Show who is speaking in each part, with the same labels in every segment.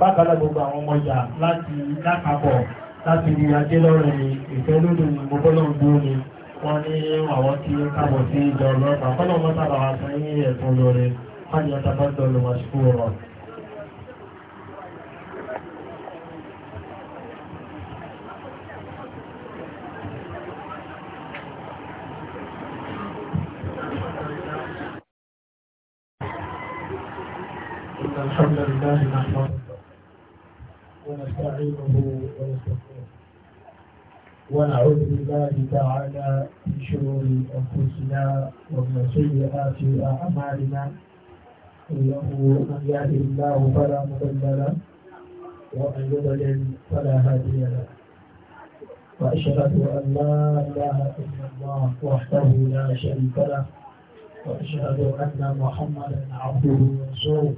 Speaker 1: bákanáà gbogbo àwọn ọmọ ìyà láti lápapọ̀ láti rí ajé lọ́rẹ̀ ìfẹ́ lódò ní gbogbo náà dúró ni wọ́n ní àwọn tí ó kábọ̀ sí ìjọ ọlọ́pàá kọ́nà mọ́tàbà àtàyé ẹ̀tún lọ́rẹ̀ fáyọ̀ tàbátọ̀ lọ́wọ́ sí الحمد لله نحمده ونستعينه ونستغفره ونعوذ بالله تعالى من شرور انفسنا ومن سيئات اعمالنا انه من يهده الله فلا مضل له ومن يضلل فلا هادي له واشهد ان لا اله الا الله وحده لا شريك له واشهد ان محمدا عبده ورسوله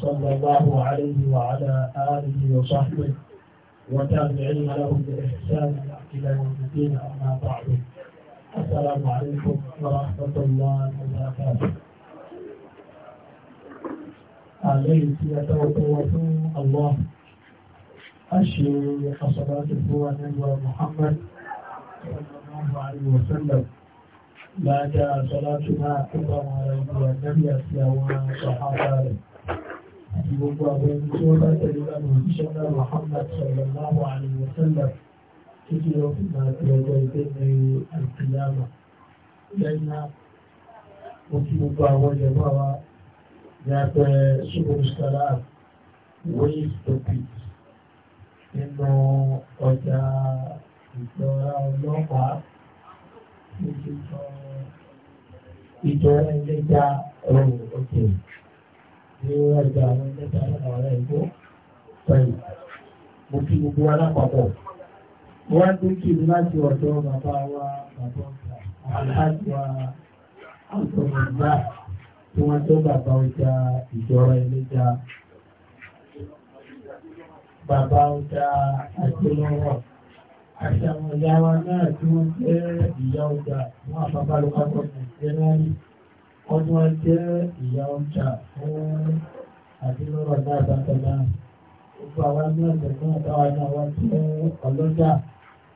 Speaker 1: صلى الله عليه وعلى آله وصحبه وتابعين لهم بإحسان إلى يوم الدين أما بعد السلام عليكم ورحمة الله وبركاته عليك يتوكل الله أشهد حصلات الهوى نبوة محمد صلى الله عليه وسلم لا جاء صلاتنا إلا على النبي أسلام صحابته àti gbogbo àwọn ẹni tí wọ́n bá tẹ̀lé lánàá ìṣẹ́ náà Muhammad sallallahu alaihi wa sallam títí lọ fún àti ọjọ́ ìgbẹ́ni àìkìyàmà lẹ́yìn náà mo kí gbogbo àwọn ìjọba wa yàgbẹ́ ṣubú sàrà wéyí tóbi nínú ọjà ìjọra ọlọ́pàá títí kan ìjọra ẹlẹ́jà ọ̀rọ̀ òkè ní ọjà àwọn mẹ́ta àwọn ẹ̀gbọ́ pẹ̀lú mo kí gbogbo alápapọ̀ wọ́n tó kí ní láti ọ̀dọ̀ bàbá wa bàbá ọjà aláàjì wa àtọ̀mọ̀gbà tí wọ́n tó bàbá ọjà ìjọra ẹlẹ́jà bàbá ọjà àjẹmọ́rọ̀ àṣàmọ̀yá wa náà tí wọ́n jẹ́ ìyá ọjà fún àbábálòpapọ̀ nàìjíríà ọdún wa jẹ́ ìyá ọjà fún àdínlọ́rọ̀ náà bàtàlá gbogbo àwa ní ọ̀dọ̀ náà táwa náà wá jẹ́ ọlọ́jà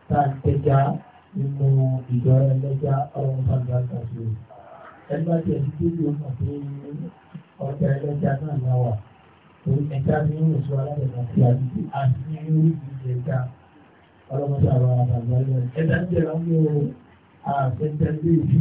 Speaker 1: tá a tẹja nínú ìjọ ẹlẹ́jà ọ̀run bàbá kàṣù ẹgbẹ́ àti ẹ̀sìn tó yóò mọ̀ pé ọjà ẹlẹ́jà náà náà wà torí ẹja ní oṣù alábẹ̀rẹ̀ àti àdúgbò àti ní orí ìdíje ẹja ọlọ́mọdé àwọn àbàgbà ẹja ń jẹ́ àwọn àfẹ́tẹ́lẹ́ ìbí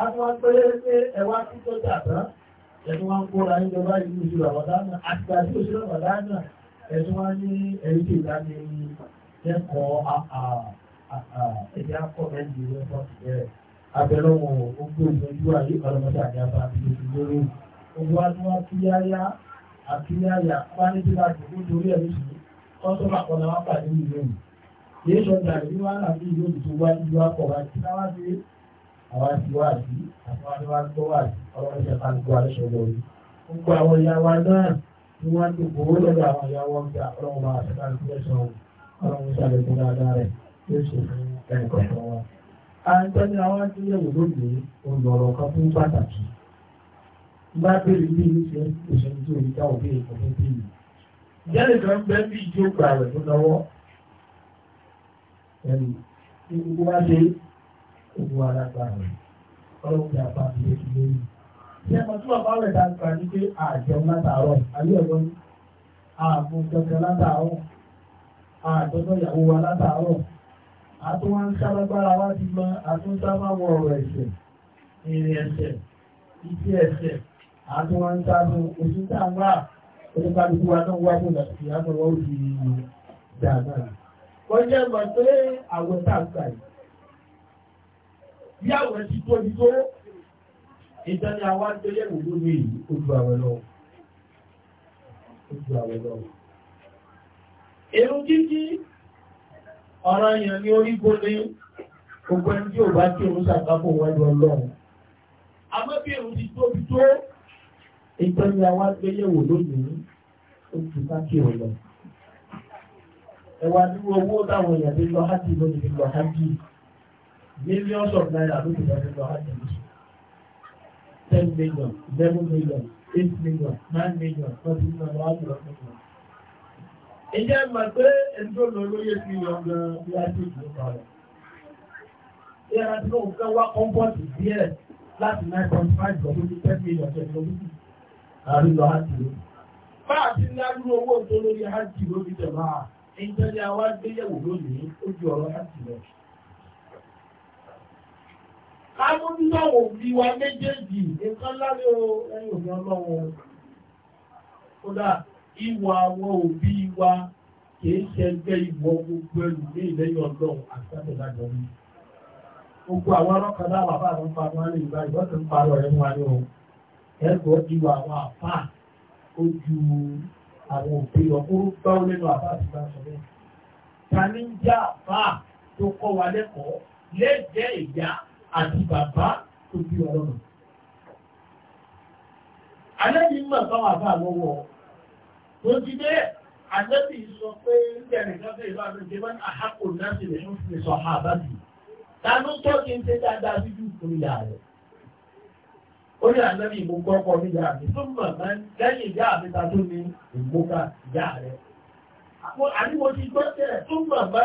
Speaker 1: a tún wá pé pé ẹwà tí tó jà tán ẹ̀tún wá ń kóra ń jọba ìlú oṣù ràwọ̀dánà àti àti oṣù ràwọ̀dánà ẹ̀tún wá ní ẹ̀rí tó ìdá ní ẹ̀kọ́ ẹ̀dí akọ́ ẹ̀dí ẹ̀kọ́ ìbẹ̀rẹ̀ abẹ́lọ́wọ̀n ogbó ìgbẹ́jú ayé ọlọ́mọdé àti àbá àti oṣù lórí ogbó wa tún wá kíyáyá àkíyáyá wá ní bí láti kó torí ẹ̀rí sùn kọ́sọ́mà kọ́nà wá pàdé ìlú yìí sọ́jà ìlú wa náà bí ìlú òdì tó wá ìlú akọ̀wá àwa ti wá àbí àtàwọn tí wọ́n gbọ́ wà ọlọ́run ṣe máa ń gbọ́ aláṣọ lórí. gbogbo àwọn ìyá wa náà ni wọ́n ń dùnkù owó lọ́dọ̀ àwọn ìyá wọn gba ọlọ́run máa ṣe máa ń gbọ́ ẹ̀sán ọlọ́run ṣàlẹ̀kùn dáadáa rẹ̀ yóò ṣe fún ẹnìkọ̀ọ̀kan wa. àǹtọ́ni àwọn tí yẹ̀wò lónìí olùrọ̀ kan fún pàtàkì. bá bèrè bí mi ṣe òṣèlú tó rí ká òbí èkó fún bí mi. ìyáàlè kan bẹ́ẹ̀ bí ìjókòó àwẹ̀ tó lọ́wọ́. ẹnì owó alágbára ọlọ́run yà bá mi lórí lórí. Ṣé ẹ̀ma tí bàbá rẹ̀ dàgbà ní pé àjẹun látàárọ̀ àbí ẹ̀rọ ni àmú kankan látàárọ̀ àtọ́jọ́ ìyàwó wa látàárọ̀ àtúwá ń sábàgbára wá ti mọ àtúnṣámáwọ̀ ọ̀rọ̀ ẹ̀ṣẹ̀ ìrìn ẹ̀ṣẹ̀ iṣẹ́ ẹ̀ṣẹ̀ àtúwá ń sábà oṣù tá ń wá oníkálukú wa náà wá fún ìyàtọ̀ wọ́n ti dàgbà. Wọ́n jẹ́ mọ̀ pé àwọ̀ tá a gbà yìí yàwó ẹ̀ ti tó ibi tó ìjọni àwọn àjọyẹ̀ ìlú ní ìlú ojú àwẹ̀ lọ. Ojú àwẹ̀ lọ. Èrò kíkí ọ̀rọ̀ èèyàn ní orí gbóni gbogbo ẹni tí ò bá kí òun ṣàkápò wájú ọlọ́run. Àmọ́ bí èrò ti tóbi tó ìjọni àwọn àjọyẹ̀wò lónìí ó ti ká kí òun lọ. Ẹwà ní owó táwọn èèyàn ti lọ hájì lónìí lọ hájì millions of naira ló ti lọ́dún lọ hajj mission ten million eleven million eight million nine million twenty million wà lọ́dún lọ́dún lọ́dún. ìjẹ́ ìgbà pé ẹjọ́ lọ lóye fi yọ gan bí a ti ìlú kan rẹ̀. ìyára tí wọ́n fẹ́ wá kọ́ńpọ́ọ̀tì díẹ̀ láti nine point five lọ́dún sí ten million twenty lọ́dún sí àárín lọ hajj lọ. bá a ti ní adúrú owó tó lórí hajj lórí jẹ̀ máa ń tẹ́lẹ̀ àwa gbéyẹ̀wò lónìí ó ju ọ̀rọ̀ hajj lọ amúnúwò bí wa méjèèjì nǹkan lárí ẹ̀yìn òbí ọlọ́wọ́ kódà ìwà àwọn òbí wa kìí ṣẹgbẹ́ ìwọ gbogbo ẹrù ní ìlẹ́yìn ọlọ́run àtàtẹ̀lájọ ní gbogbo àwọn ọlọ́kadà bàbá àwọn pàmò àrùn ìgbà ìwọ́n ti ń parọ́ ẹ̀ wọn ni o ẹ̀gbọ́ ìwà àwọn àfà ó ju àwọn òbí ọkùnrin gbáwó lẹ́nu àfà àti ìgbà sọ̀rọ̀ ta ní ń já àfà tó kọ́ wa lẹ́kọ̀ọ́ lẹ́jẹ́ ìyá àti bàbá tó bí ọlọ́mọ. Alẹ́bí mọ̀ báwà bá lọ́wọ́. Mo ti dé Alẹ́bí sọ pé ìbẹ̀rẹ̀ káfẹ́ ìlú àgbẹ̀jẹ̀ wọn àhápò láti lè fún mi sọ ha bá bì. Ta ló tọ́ kí n ṣe dáadáa bíbí ìkórè ìyá rẹ̀? Ó ní Alẹ́bí mo gbọ́ ọkọ mi ìyá mi tó mọ̀ mọ́ lẹ́yìn ìyá mi ta tó ní ìgbóka ìyá rẹ̀. Àní mo ti gbọ́ tẹ̀ tó mọ̀ mọ́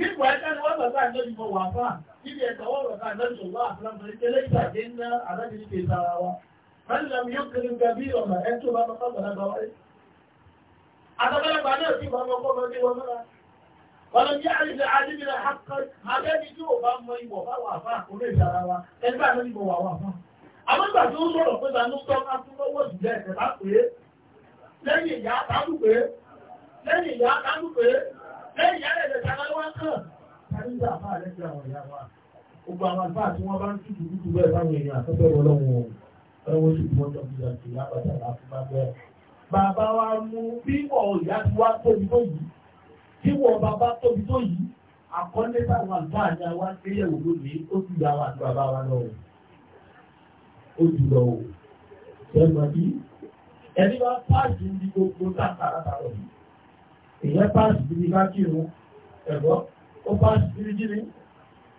Speaker 1: Nígbà ẹ̀ka a wọ́n bàbá àjọ́jú wa. Mẹ́lìlẹ́m yóò kiri gẹ̀bí ọ̀nà ẹ̀ tó bá bàbá bàbá wáyé. Àtàbẹ́lẹ́gbà náà sì bá ọmọ kọ́ mọ́tí wọn mọ́ra. na jẹ́ àríṣẹ́ àdébìnrin àkọ́kọ́, àbẹ́bí tí ò bá mọ ìwọ̀ bá wà fáà kò lè sára wa, lẹ́yìn ìyá rẹ̀ lẹ̀ ṣàlọ́ wá kàn. Kàríjà àfáà lẹ́sẹ̀ àwọn ìyá wa. Gbogbo àwọn àfáà tí wọ́n bá ń tìjú dúdú bẹ́ẹ̀ báwọn èèyàn àtọ́fẹ́ wọn lọ́wọ́ ẹwọ́n sì gbọ́n tó gbìyànjú sí lábàtà láfúgbà bẹ́ẹ̀. Bàbá wa mú bí wọ̀ ìyá ti wá tóbi tó yìí, tí wọ̀ bàbá tóbi tó yìí, àkọ́lé táwọn àgbà ni àwa gbéyẹ̀wò lónìí, ó ti yà wà ní bàbá wa lọ́wọ́. Ó ti lọ wò. Ṣé ẹ mọ̀ bí? Ẹni wá pàṣẹ ní gbogbo táàkàrà èyẹ páàsì bíi ká kírun ẹ̀gbọ́ ó páàsì bíi kíni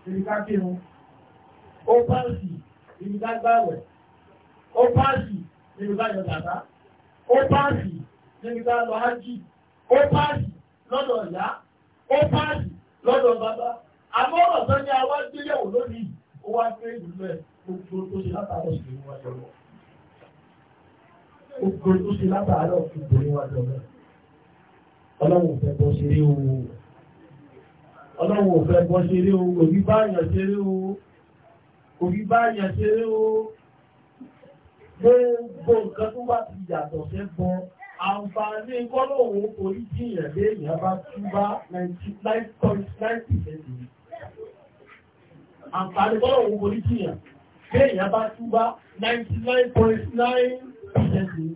Speaker 1: bíi ká kírun ó páàsì bíi ká gbàwẹ̀ ó páàsì bíi ká yọ dàda ó páàsì bíi ká lọ ájì ó páàsì lọ́dọ̀ ìyá ó páàsì lọ́dọ̀ bàbá àmọ́ ọ̀rọ̀ tó ní àwa gbéyàwó lónìí ó wá gbé ìlú ẹ̀ gbogbo tó ṣe látàrọ̀ sí ìwájọ́ lọ. gbogbo tó ṣe látàrọ̀ sí ìwájọ́ lọ ọlọ́run ò fẹ́ bọ́ ṣe rí owó ọlọ́run ò fẹ́ bọ́ ṣe rí owó òbí bá yàn ṣe rí owó òbí bá yàn ṣe rí owó gbogbo nǹkan tó bá ti yàtọ̀ fẹ́ bọ́ àǹfààní kọ́lọ̀wọ̀n orí jìyàn lé èèyàn bá tún bá 99.9% yìí àǹfààní kọ́lọ̀wọ̀n orí jìyàn lé èèyàn bá tún bá 99.9% yìí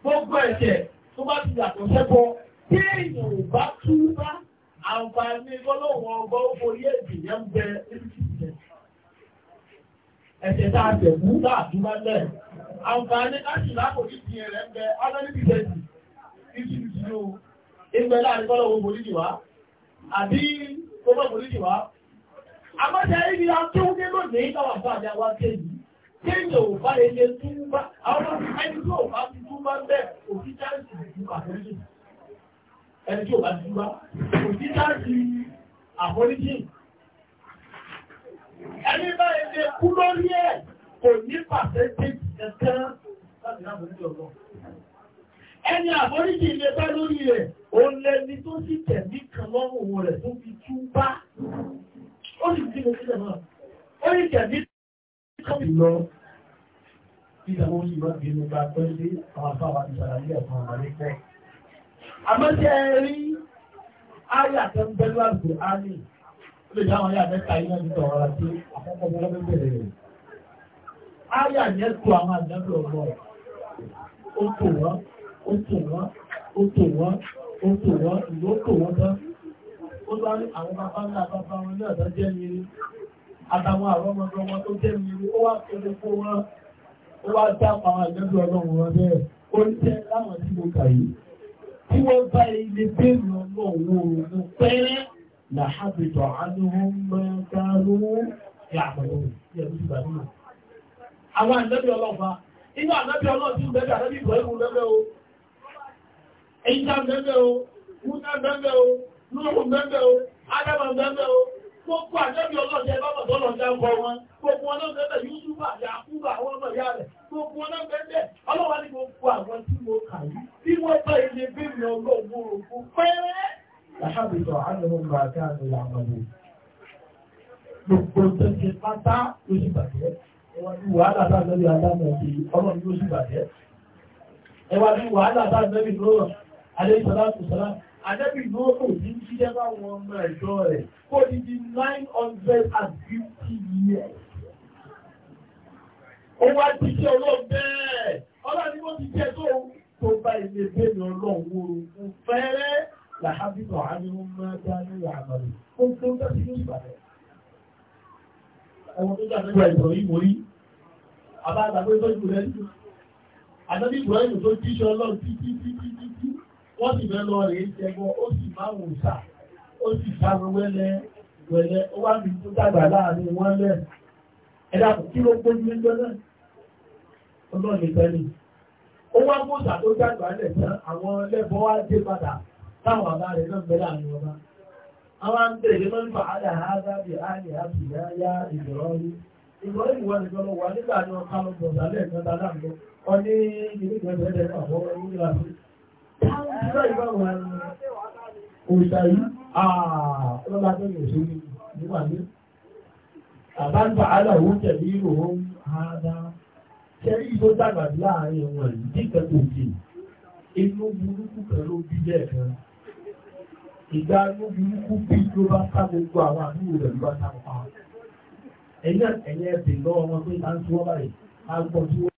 Speaker 1: gbogbo ẹ̀ṣẹ̀ tó bá ti yàtọ̀ sẹ́kọ̀ọ́ tí èèyàn ò bá tú bá àǹfààní gbọ́lọ́wọ́ ọgbọ́ orí èdè yẹn ń bẹ ẹ̀sẹ̀ tá a tẹ̀ mú bá àtúbá lẹ̀ àǹfààní láti lákòókì ti rẹ̀ ń bẹ alẹ́bí tẹ̀sì títí títí o ìgbẹ́ láàrin gbọ́lọ́wọ́ bolíjì wá àbí gbọ́lọ́ bolíjì wá àmọ́tẹ̀ ibi akéwúdé lónìí táwọn àbájá wá kéyìí kéyìí ò bá lè ṣe túbá àwọn ẹni tí ò bá dúdú bá kò sí táàkì àforíjì ẹni báyìí lè kú lórí ẹ̀ kò ní pàṣẹ tí ẹ̀kẹ́ láti náà foríjì ọ̀gbọ́n ẹni àforíjì lè bá lórí rẹ̀ ó lẹni tó sì tẹ̀mí kan lọ́rùn rẹ̀ tó fi tú bá ó sì ti lè sílẹ̀ náà ó sì tẹ̀mí kan lọ ìdàmú sí wá bínú bá pẹ́ sí àwọn afáwà ìsàlàyé ẹ̀fọn àmàlẹ́kẹ́ àmọ́jẹ́ rí ayà tó ń bẹ́lú àgbò ámì ó lè dáwọn ayà mẹ́ta iná ní tọ̀rọ̀ àti àkọ́kọ́ ọmọdé bẹ̀rẹ̀ rẹ̀ ayà yẹn tó àwọn àjẹ́bẹ̀ ọmọ ó tò wọ́n ó tò wọ́n ó tò wọ́n ó tò wọ́n ìlú ó tò wọ́n tán ó bá rí àwọn bàbá ńlá bàbá wọn ní ọ̀dọ́ jẹ́ mi rí àtàwọn àwọn ọmọdé wọn tó jẹ́ mi rí ó wá kéde fún wọn ó wá dá àwọn àjẹ́bẹ̀ ọlọ́run wọn bẹ́ẹ̀ ó ń jẹ́ láwọn tí mo kà yìí tí wọ́n bá ilé bẹ́ẹ̀rù ọmọ òun pẹ́rẹ́ làhábìtọ̀ àdúhùn mẹ́tàlú yàgbọ̀n àwọn ànábì ọlọ́fà inú gbogbo àjọ́bí ọlọ́jẹ́ bábà tó lọ́jà ń bọ̀ wọn gbogbo wọn náà bẹ́ẹ̀ Yusufu àti Yakubu àwọn ọmọ ìyá rẹ̀ gbogbo wọn ọlọ́wà ní gbogbo àwọn tí mo kà wọ́n bá ilé pẹ́ẹ́rẹ́. Adébì náà kò ní jíjẹ́ bá wọn ọmọ ẹ̀ṣọ́ rẹ̀ kó di di nine hundred and fifty years. Ó wá ti jẹ́ ọlọ́run bẹ́ẹ̀. Ọlọ́run ni wọ́n ti jẹ́ tó tó bá ilé bẹ́ẹ̀ni ọlọ́run wo òun fẹ́rẹ́ làhábìnà àmìhún máa dá ní àmàlù. Ó ń tó ń tẹ́sí ní ìbàdàn. Ẹ̀wọ̀n tó dàbí ìwà ìtọ̀ yìí mórí. Àbá àgbàgbé tó jù rẹ̀ jù. Àdébì ìbùrọ̀ ìlú tó jíṣẹ́ ọlọ́run títí títí títí. wọ́n sì mẹ́lọ lọ rèé tẹ́gbọ́ ó sì máa wò sà ó sì sáré wẹ́lẹ́ wẹ́lẹ́ ó wá ní tó dàgbà láàrin kí ló gbójú náà ó wá kó sà tó dàgbà lẹ̀ tán àwọn wá dé padà táwọn àbá rẹ̀ náà láàrin ọba àwọn àǹtẹ̀lẹ́ máa ń fà Òṣàyí, àà, ọlọ́lá tó ní òṣèlú nígbà ní. Àbájá aláwò tẹ̀lé ìròhún àádá. Ṣẹ́rí tó dàgbà láàrin wọn yìí díkẹ̀ tó kè. Inú burúkú kan ló bí bẹ́ẹ̀ kan. Ìgbà inú burúkú bí ló bá ká gbogbo àwọn àdúgbò rẹ̀ ló bá ká Ẹ̀yẹ́ ẹ̀yẹ́ ẹ̀bẹ̀ lọ́wọ́ wọn pé máa ń tí wọ́n báyìí, máa ń tí wọ́n.